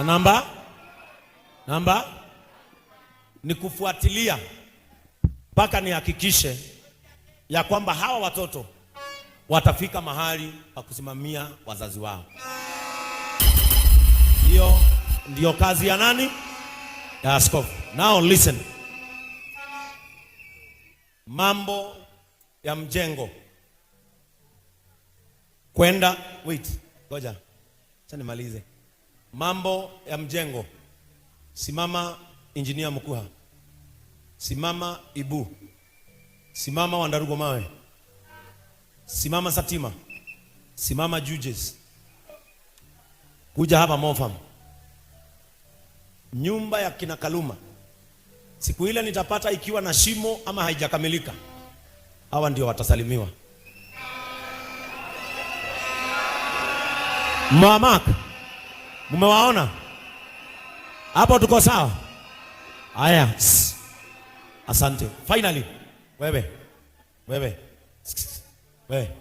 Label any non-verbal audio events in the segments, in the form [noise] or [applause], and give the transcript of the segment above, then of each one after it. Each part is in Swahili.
Na namba namba ni kufuatilia mpaka nihakikishe ya kwamba hawa watoto watafika mahali pa kusimamia wazazi wao. Hiyo ndiyo kazi ya nani? Ya askofu. Now listen, mambo ya mjengo kwenda, wait, ngoja acha nimalize. Mambo ya mjengo, simama injinia Mkuha, simama Ibu, simama Wandarugo Mawe, simama Satima, simama Judges, kuja hapa Mofam, nyumba ya kina Kaluma siku ile nitapata ikiwa na shimo ama haijakamilika, hawa ndio watasalimiwa mama Mmewaona hapo? Tuko sawa? Haya, asante. Finally wewe, wewe, wewe,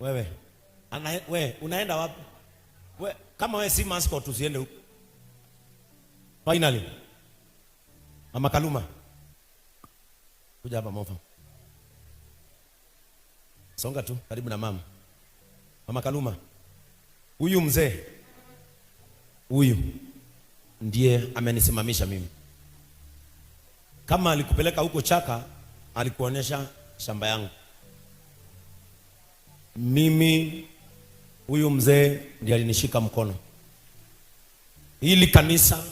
wewe, ana wewe, unaenda wapi We, Kama wewe si mascot usiende huko. Finally Mama Kaluma, kuja hapa Mofa, songa tu karibu na mama. Mama Kaluma, huyu mzee huyu ndiye amenisimamisha mimi. Kama alikupeleka huko Chaka, alikuonyesha shamba yangu mimi. Huyu mzee ndiye alinishika mkono. Hili kanisa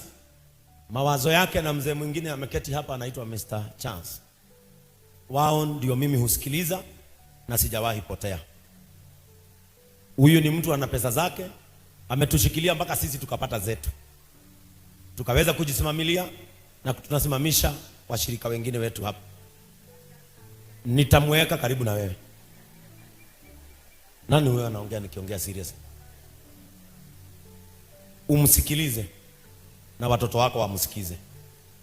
mawazo yake na mzee mwingine ameketi hapa anaitwa Mr. Chance. Wao ndio mimi husikiliza na sijawahi potea. Huyu ni mtu ana pesa zake ametushikilia mpaka sisi tukapata zetu, tukaweza kujisimamilia na tunasimamisha washirika wengine wetu hapa. Nitamweka karibu na wewe. Nani huyo anaongea? Nikiongea serious, umsikilize na watoto wako wamsikize,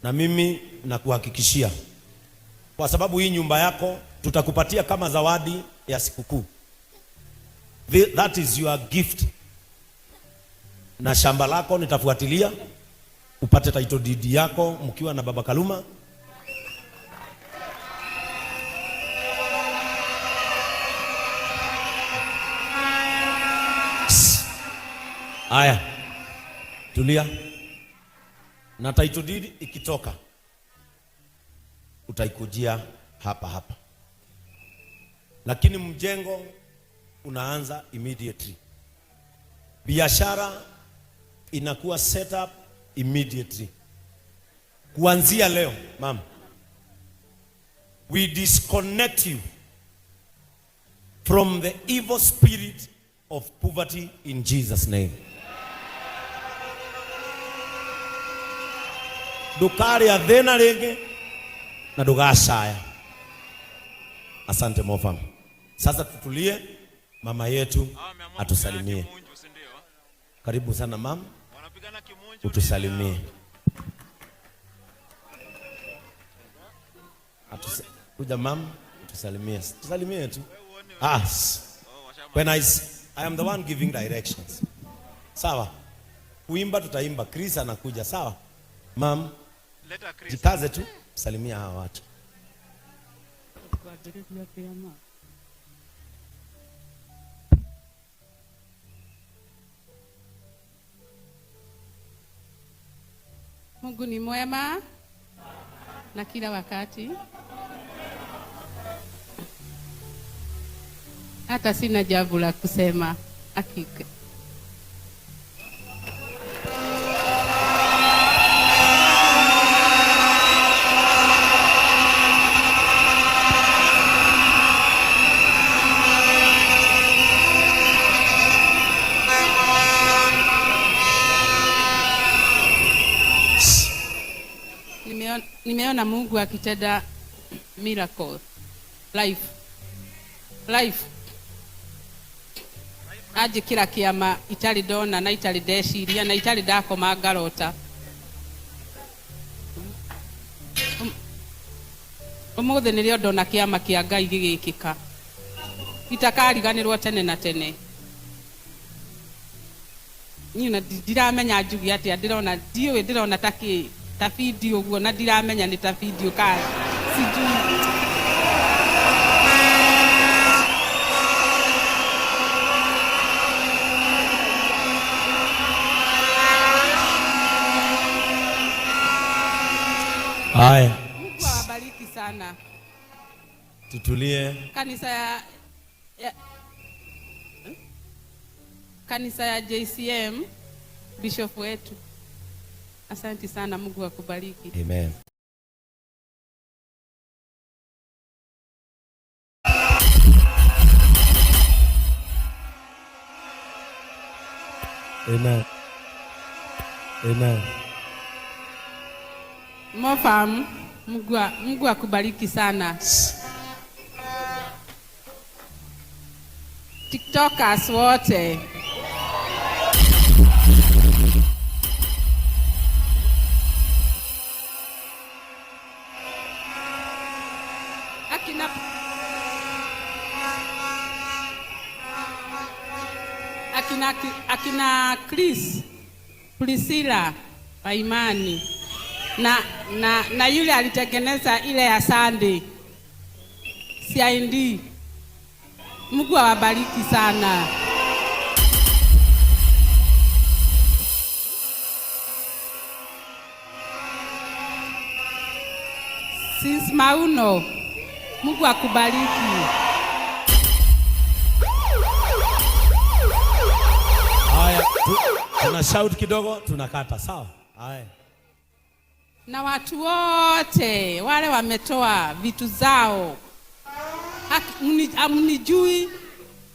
na mimi nakuhakikishia, kwa sababu hii nyumba yako tutakupatia kama zawadi ya sikukuu. That is your gift na shamba lako nitafuatilia upate title deed yako mkiwa na baba Kaluma. Aya, tulia. Na title deed ikitoka utaikujia hapa hapa, lakini mjengo unaanza immediately biashara inakuwa set up immediately kuanzia leo. Mama, we disconnect you from the evil spirit of poverty in Jesus name. ndukaria thĩna rĩngĩ na ndugacaya. Asante Mofam. Sasa tutulie, mama yetu atusalimie. Karibu sana mama utusalimie, kuja mama, utusalimie, tusalimie tu. Ah, oh, as when I, I am the one giving directions. Sawa, kuimba tutaimba, Chris anakuja. Sawa mam, jikaze tu, salimia hawa watu. Mungu ni mwema na kila wakati, hata sina jambo la kusema hakika. nimeona Mungu akitenda miracle life life aje kila kiama itali ndona na itari ndeciria na itali ndakoma ngarota umuthi nirio dona kiama kia ngai gigikika itakariganirwo tene na tene niĩ na ndiramenya njugi atĩa ndĩrona ndiũĩ ndĩrona ta kĩĩ ta video guo na ndiramenya ni ta video ka sijui Haya, Mungu awabariki sana. Tutulie. Kanisa ya, ya hmm? kanisa ya JCM, bishop wetu Asante sana, Mungu akubariki. Amen. Amen. Amen. Mungu Mungu akubariki sana. TikTokers wote akina, akina Chris Priscilla wa Imani na, na, na yule alitengeneza ile ya Sunday CID. Mungu awabariki sana. Since Mauno, Mungu akubariki. tuna shout kidogo, tunakata sawa. Haya, na watu wote wale wametoa vitu zao, hamnijui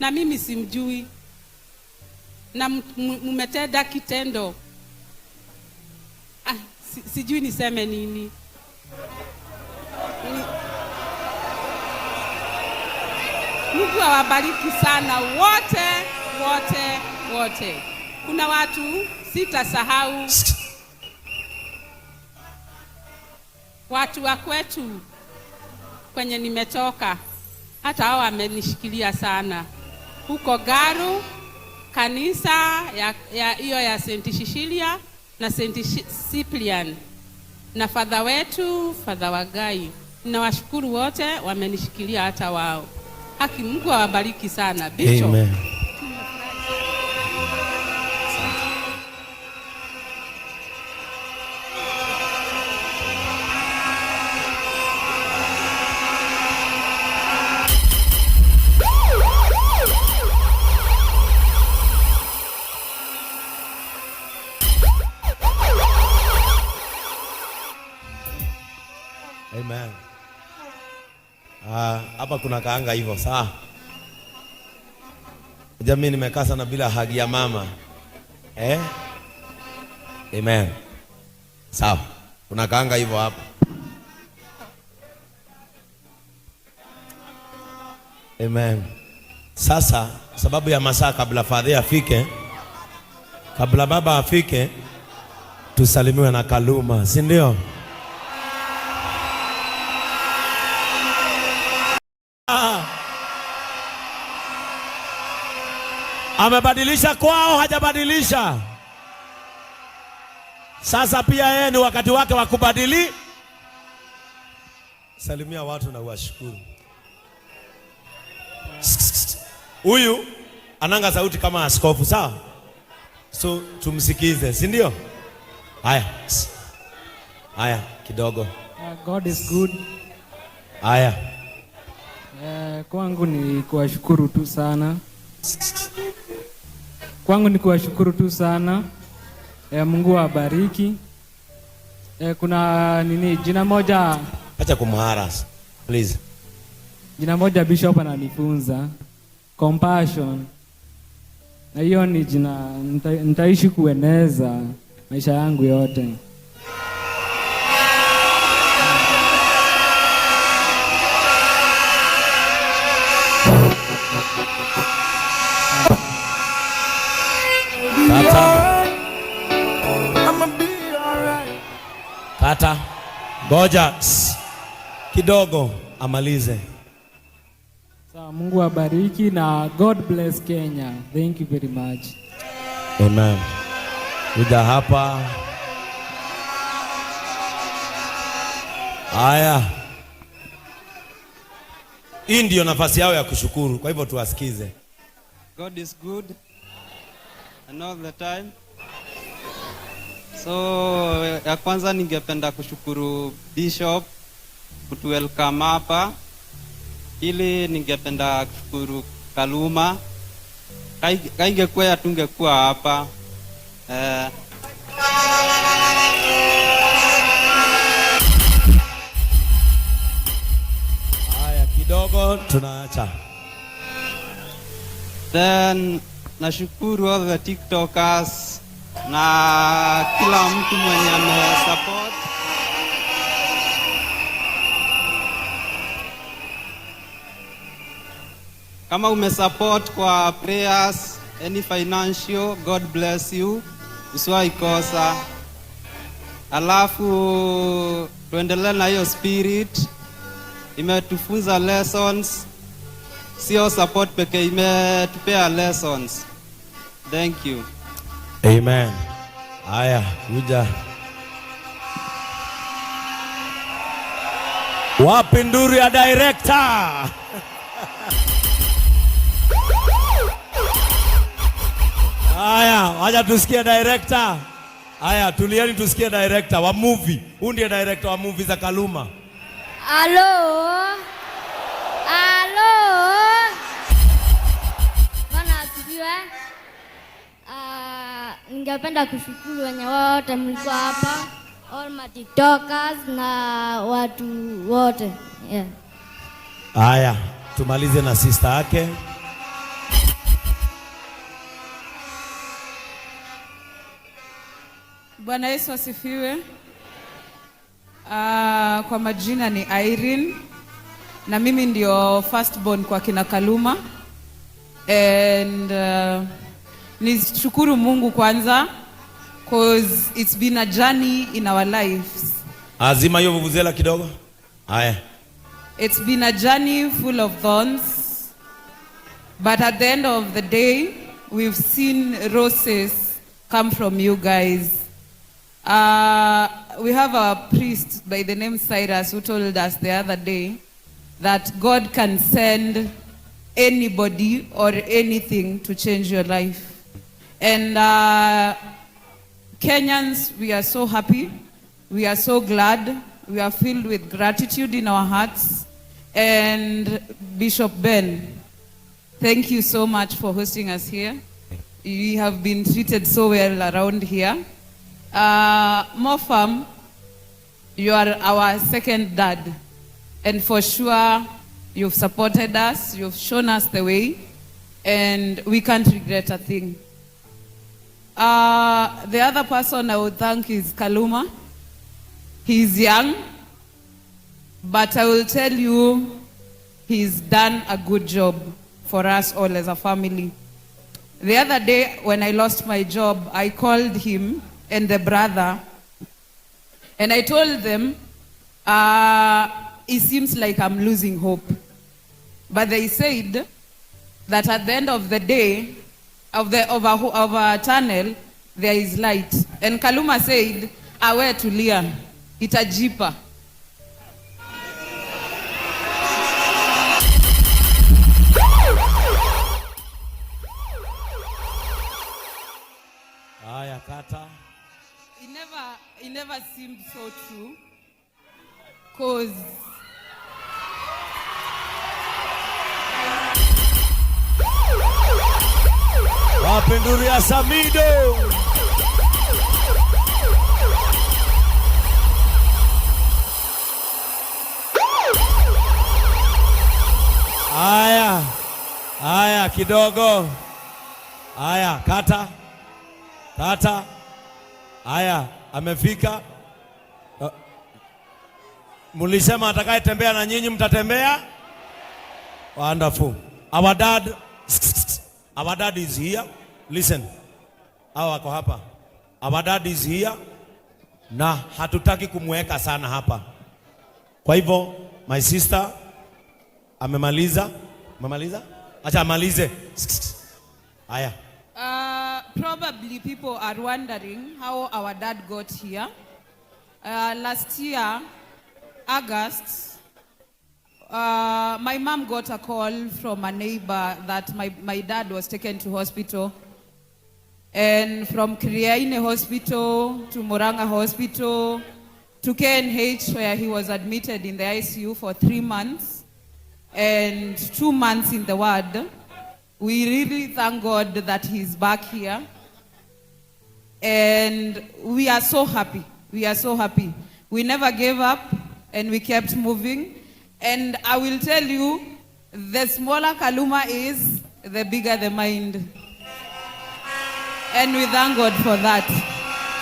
na mimi simjui, na mmetenda kitendo ah, si, sijui niseme nini ni, Mungu awabariki sana wote wote wote kuna watu sitasahau, watu wa kwetu kwenye nimetoka, hata hao wamenishikilia sana huko Garu, kanisa hiyo ya, ya, ya Saint na Saint Cyprian na fadha wetu fadha Wagai. nawashukuru wote wamenishikilia hata wao. Haki Mungu awabariki sana Bishop. Amen. hapa kuna kaanga hivyo saa Jamii, nimekaa sana bila hagi ya mama eh? Amen. Sawa, kuna kaanga hivyo hapa Amen. Sasa sababu ya masaa kabla fadhi afike, kabla baba afike, tusalimiwe na Kaluma, si ndio? Amebadilisha kwao, hajabadilisha. Sasa pia yeye ni wakati wake wa kubadili. Salimia watu na uwashukuru. Huyu ananga sauti kama askofu, sawa? So tumsikize, si ndio? Haya, haya kidogo. Uh, God is good. Haya. uh, kwangu ni kuwashukuru tu sana Kwangu ni kuwashukuru tu sana e, Mungu awabariki. E, kuna nini jina moja, acha kumharas please. Jina moja bishop ananifunza compassion, na hiyo ni jina nitaishi kueneza maisha yangu yote. Tata, ngoja kidogo amalize. Sawa, Mungu abariki na God bless Kenya. Thank you very much. Amen. Kuja hapa. Haya. Hii ndiyo nafasi yao ya kushukuru. Kwa hivyo tuwasikize. God is good. And all the time. So eh, ya kwanza ningependa kushukuru Bishop kutu welcome hapa. Ili ningependa kushukuru Kaluma, kaingekuwa yatungekuwa hapa eh. Haya, kidogo tunaacha. Then nashukuru all the TikTokers na kila mtu mwenye amesupport kama umesupport kwa prayers any financial, God bless you, usiwaikosa. Alafu tuendelee na hiyo spirit, imetufunza lessons, sio support pekee, imetupea lessons. Thank you. Amen. Haya, kuja. Wapi nduru ya director? Haya, waja tusikie director. Haya, tulieni tusikie director wa movie. Huyu ndiye director wa movie za Kaluma. Halo. Halo. Bana asifiwe. Ningependa kushukuru wenye wote mliko hapa, all my tiktokers na watu wote yeah. Haya, tumalize na sister yake. Bwana Yesu asifiwe. Uh, kwa majina ni Irene na mimi ndio first born kwa kina Kaluma and uh, nishukuru Mungu kwanza cause it's been a journey in our lives. Azima ah, hiyo vuvuzela kidogo. Haya. It's been a journey full of thorns but at the end of the day we've seen roses come from you guys. Uh, we have a priest by the name Cyrus who told us the other day that God can send anybody or anything to change your life. And uh, Kenyans, we are so happy. We are so glad. We are filled with gratitude in our hearts. And Bishop Ben, thank you so much for hosting us here. You have been treated so well around here. Uh, Mofam, you are our second dad. And for sure, you've supported us, you've shown us the way, and we can't regret a thing. Uh, the other person I would thank is Kaluma. He's young, but I will tell you, he's done a good job for us all as a family. The other day, when I lost my job, I called him and the brother, and I told them, uh, It seems like I'm losing hope. But they said that at the end of the day, of the of a, of a tunnel there is light and Kaluma said awe tulia itajipa Aya, kata. It never, it never seemed so true cause Mapenduria Samido aya aya kidogo aya kata kata aya amefika. Uh, mulisema atakayetembea na nyinyi mtatembea. Wonderful. Our dad, [tsk] our dad is here. Listen. Hawa wako hapa. Our dad is here na hatutaki kumweka sana hapa. Kwa hivyo my sister amemaliza. Amemaliza? Acha amalize. Haya. Uh, probably people are wondering how our dad got here. Uh, last year August Uh, my mom got a call from a neighbor that my, my dad was taken to hospital And from Kriaine Hospital to Moranga Hospital to KNH where he was admitted in the ICU for three months and two months in the ward. We really thank God that he's back here. And we are so happy. We are so happy. We never gave up and we kept moving. And I will tell you, the smaller Kaluma is, the bigger the mind and we thank God for that.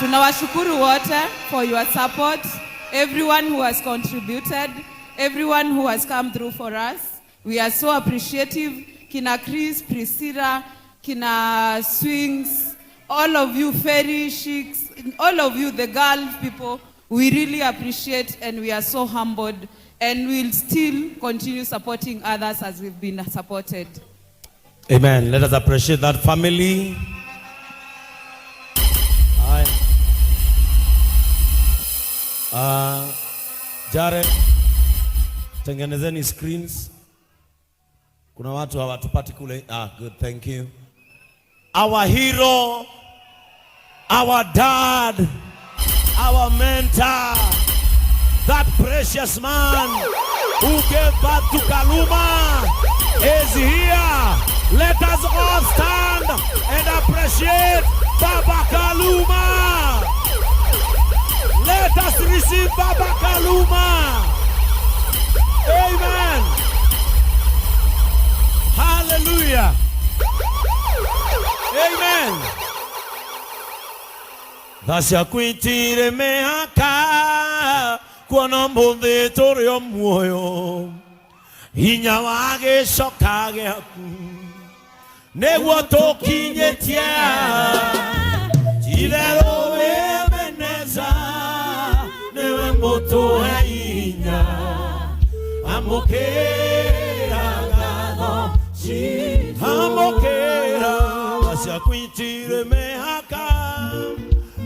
Tunawashukuru wote for your support, everyone who has contributed, everyone who has come through for us. We are so appreciative. Kina Chris, Priscilla, Kina Swings, all of you, Fairy Sheiks, all of you, the Gulf people, we really appreciate and we are so humbled and we'll still continue supporting others as we've been supported. Amen. Let us appreciate that family. Haya. Uh, Jare, tengenezeni screens. Kuna watu hawatupati kule. Ah, good, thank you. Our hero, our dad, our mentor, that precious man who gave birth to Kaluma is here. Let us all stand and appreciate Baba Kaluma. Let us receive Baba Kaluma. Amen. Hallelujah. Amen. Thacia kuitire mehaka kuona mbuthi turi o muoyo hinya wa gicoka giaku niguo tukinyitie Idhero wemeneza Newe moto wa inya Amokera gano Chitu Amokera Wasya kwintire mehaka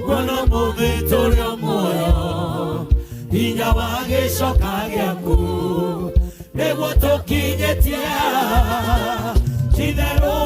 Gono muvitorio moyo Inya wagesho kagyaku Negwo tokinyetia Idhero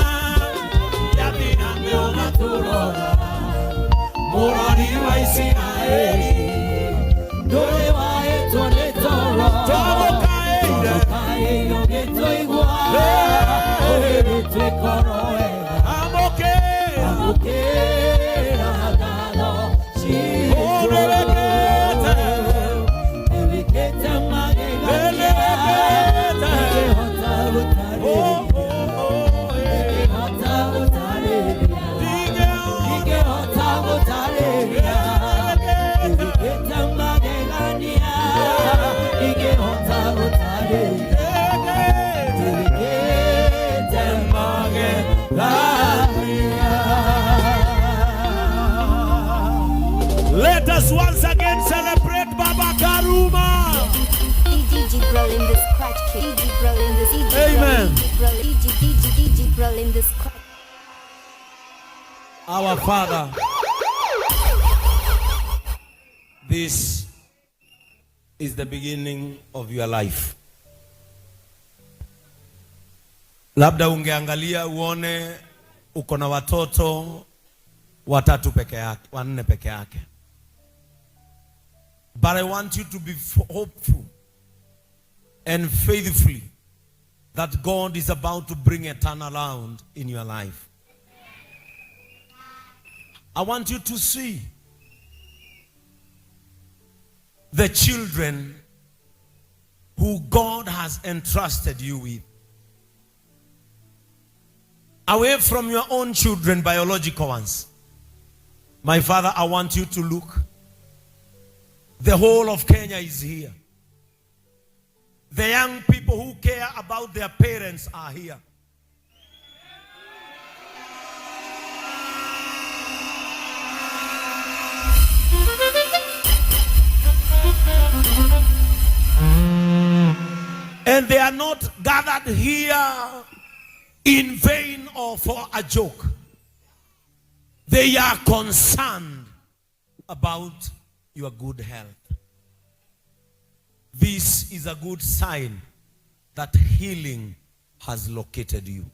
turona mũrori wa isiraeli ndũrĩ wahĩtwo nĩ toro tũgũkaĩire ũgĩtũigua Let us once again celebrate Baba Karuma. Amen. Our Father. This is the beginning of your life. Labda ungeangalia uone uko na watoto watatu peke yake, wanne peke yake but I want you to be hopeful and faithfully that God is about to bring a turnaround in your life. I want you to see the children who God has entrusted you with. Away from your own children, biological ones. My father, I want you to look the whole of Kenya is here. The young people who care about their parents are here. And they are not gathered here in vain or for a joke. They are concerned about your good health. This is a good sign that healing has located you.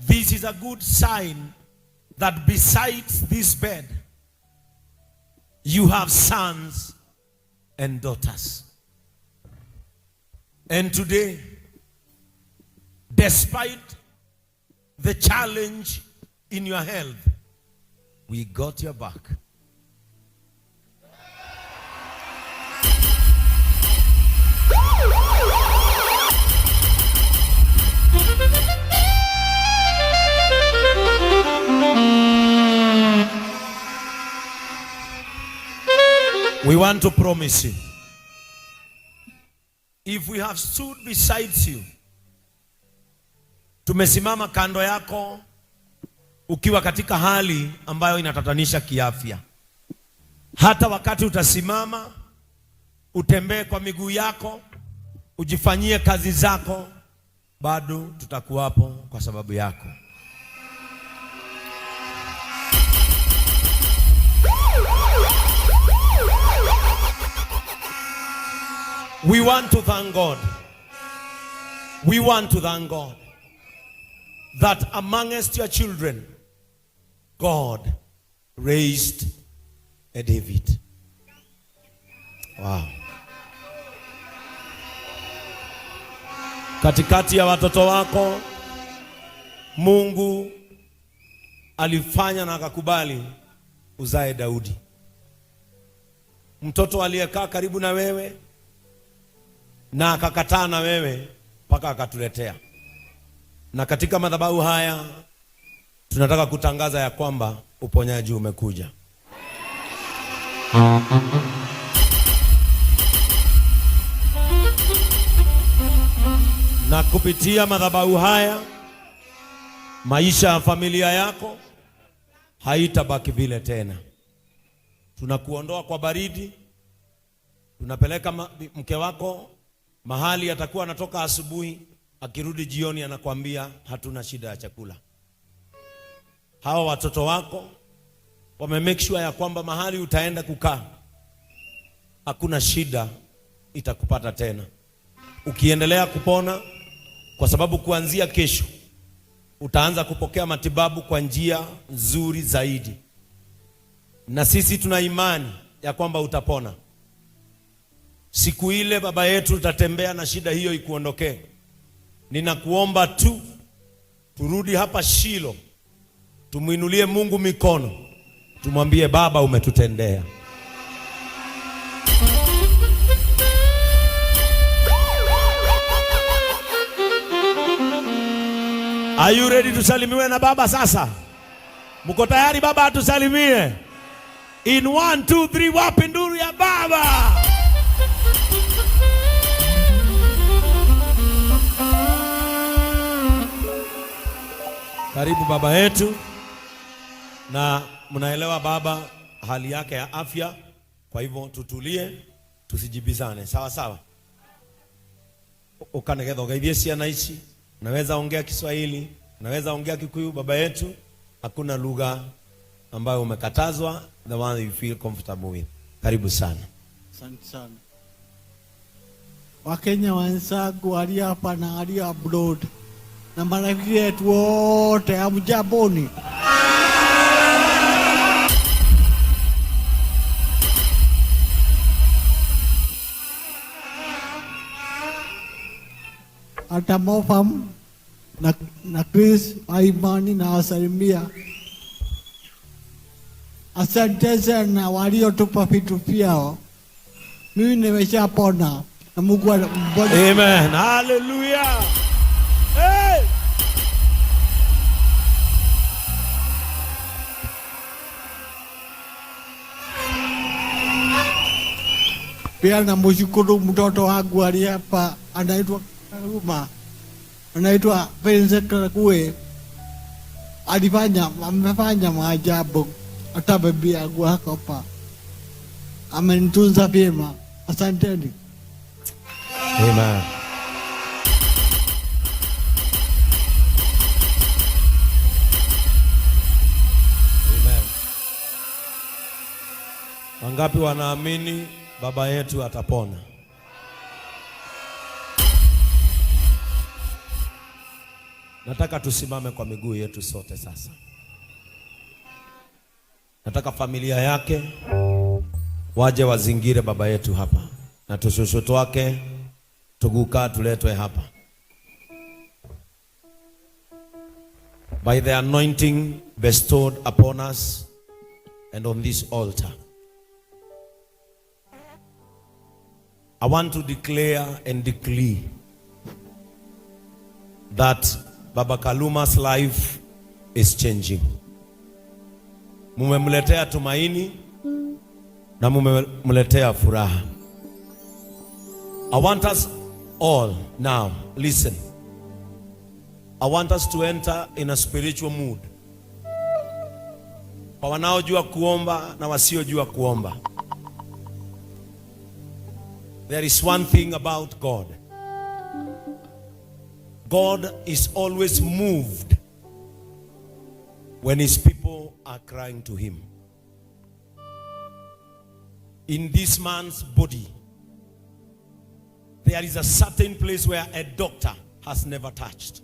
This is a good sign that besides this bed, you have sons and daughters. And today, despite the challenge in your health, we got your back. We want to promise you. If we have stood beside you, tumesimama kando yako ukiwa katika hali ambayo inatatanisha kiafya. Hata wakati utasimama, utembee kwa miguu yako, ujifanyie kazi zako, bado tutakuwapo kwa sababu yako. We want to thank God. We want to thank God that amongst your children God raised a David. Wow. Katikati ya watoto wako Mungu alifanya na akakubali uzae Daudi. Mtoto aliyekaa karibu na wewe na akakataa na wewe mpaka akatuletea. Na katika madhabahu haya Tunataka kutangaza ya kwamba uponyaji umekuja. Na kupitia madhabahu haya maisha ya familia yako haitabaki vile tena. Tunakuondoa kwa baridi, tunapeleka mke wako mahali atakuwa anatoka asubuhi, akirudi jioni anakuambia hatuna shida ya chakula hawa watoto wako wame make sure ya kwamba mahali utaenda kukaa hakuna shida itakupata tena, ukiendelea kupona, kwa sababu kuanzia kesho utaanza kupokea matibabu kwa njia nzuri zaidi, na sisi tuna imani ya kwamba utapona. Siku ile baba yetu utatembea na shida hiyo ikuondokee. Ninakuomba tu turudi hapa Shilo Tumwinulie Mungu mikono, tumwambie Baba umetutendea. Are you ready tusalimiwe na Baba sasa? Mko tayari Baba atusalimie? In 1 2 3 wapi nduru ya Baba? Karibu Baba yetu na mnaelewa baba hali yake ya afya, kwa hivyo tutulie, tusijibizane, sawa sawa. Ukanegetha ugeithie ciana ici, naweza ongea Kiswahili, naweza ongea Kikuyu, baba yetu, hakuna lugha ambayo umekatazwa, the one you feel comfortable with. Karibu sana. Asante sana. Wakenya wenzangu walio hapa na walio abroad na marafiki yetu wote, amjaboni atamofam nakris na Chris wa Imani na wasalimia. Asante sana waliotupa vitu vyao, mimi nimeshapona na Mungu. Amen, haleluya. Hey! Pia namshukuru mtoto wangu aliye anaitwa Nkrumah anaitwa Vincent Rague alifanya amefanya maajabu, hata bibi yangu hapa, amenitunza vyema. Asanteni. Amen. Wangapi wanaamini baba yetu atapona? Nataka tusimame kwa miguu yetu sote sasa. Nataka familia yake waje wazingire baba yetu hapa, na tushushutu twake tuguka tuletwe hapa by the anointing bestowed upon us and on this altar. I want to declare and decree that Baba Kaluma's life is changing. Mumemletea tumaini na mumemletea furaha. I want us all now, listen. I want us to enter in a spiritual mood. Kwa wanaojua kuomba na wasiojua kuomba. There is one thing about God. God is always moved when his people are crying to him. In this man's body, there is a certain place where a doctor has never touched.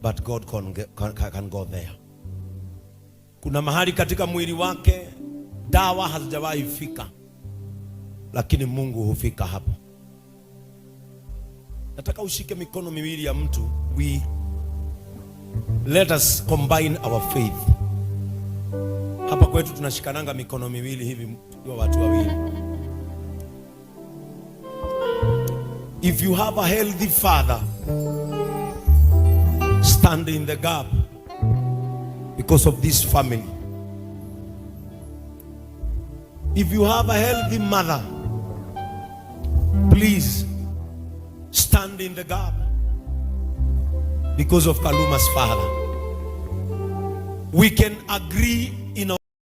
But God can, can, can go there. Kuna mahali katika mwili wake dawa hazijawahi fika, lakini Mungu hufika hapo. Nataka ushike mikono miwili ya mtu. We let us combine our faith. Hapa kwetu tunashikananga mikono miwili hivi wa watu wawili. If you have a healthy father, stand in the gap because of this family. If you have a healthy mother, please stand in the gap because of Kaluma's father. We can agree